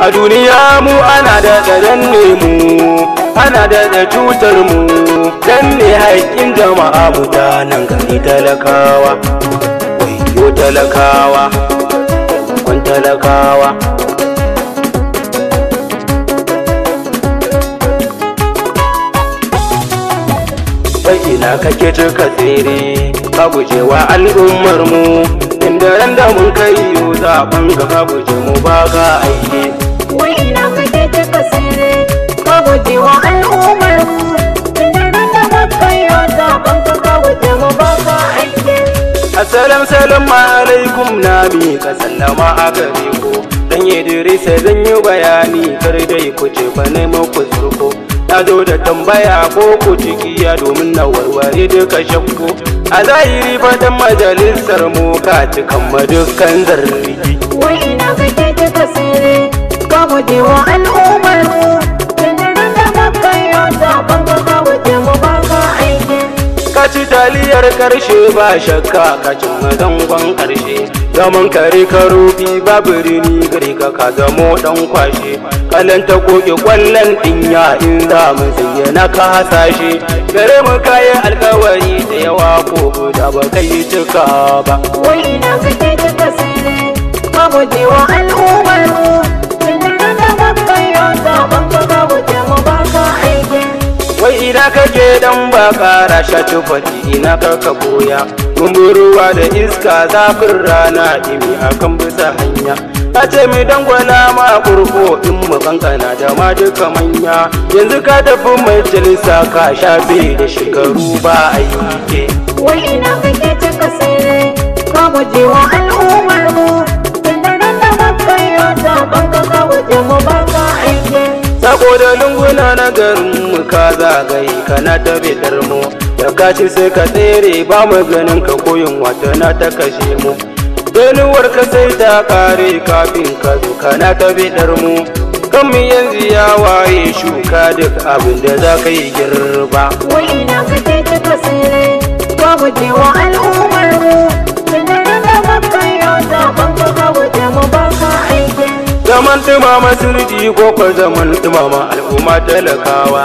a duniya mu ana da ne mu ana da cutar mu ne haƙƙin jama'a mutanen gari talakawa yo talakawa kun talakawa ina kake cika tsere ka gujewa al'ummar mu inda ran da mun kai yau zaɓen ga ka guje mu ba ka aiki salam salam alaikum na mi ka sallama a gare ku dan Idrisa zan yi bayani kar dai ku ce ba ne ku zurko na zo da tambaya ko ku ya domin na warware duka shakku a zahiri fatan majalisar mu ka cikan madukkan zargi wai ina kake ta kasiri ka wa al'umma kar karshe ba shakka ka cimma zangon karshe zaman kare ka rubi ba birni gare ka ka zamo dan kwashe kalan ta koke kwallon ya in za mu zayyana ka hasashe gare mu kayan alkawari da yawa ko da ba kai cika ba wai na kake ta ba mu hira kake don ba kara shatu tufati ina karka boya gumburuwa da iska zafin rana a kan bisa hanya Ka ce mai dangwala ma kurko in mu kankana da ma duka manya yanzu ka tafi majalisa ka shafe da shekaru ba a yi ke wai ina kake cika sirri ka waje wa al'ummar mu tunanin da muka yi ta banka ka waje mu ba ka aiki saboda lunguna na garin ka zagaye ka na ta bidar mu da ka ci sai ka tsere ba mu ganin ka koyin wata na ta kashe mu ganuwar ka sai ta kare kafin ka zo ka na ta bidar mu kan mu yanzu ya waye shuka duk abin da za ka yi girba wai ina ka ce ta ba babu wa al'ummar mu zaman tumama sirji ko kwa zaman tumama al'umma talakawa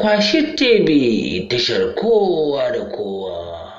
kwashi tebe tashar kowa da kowa.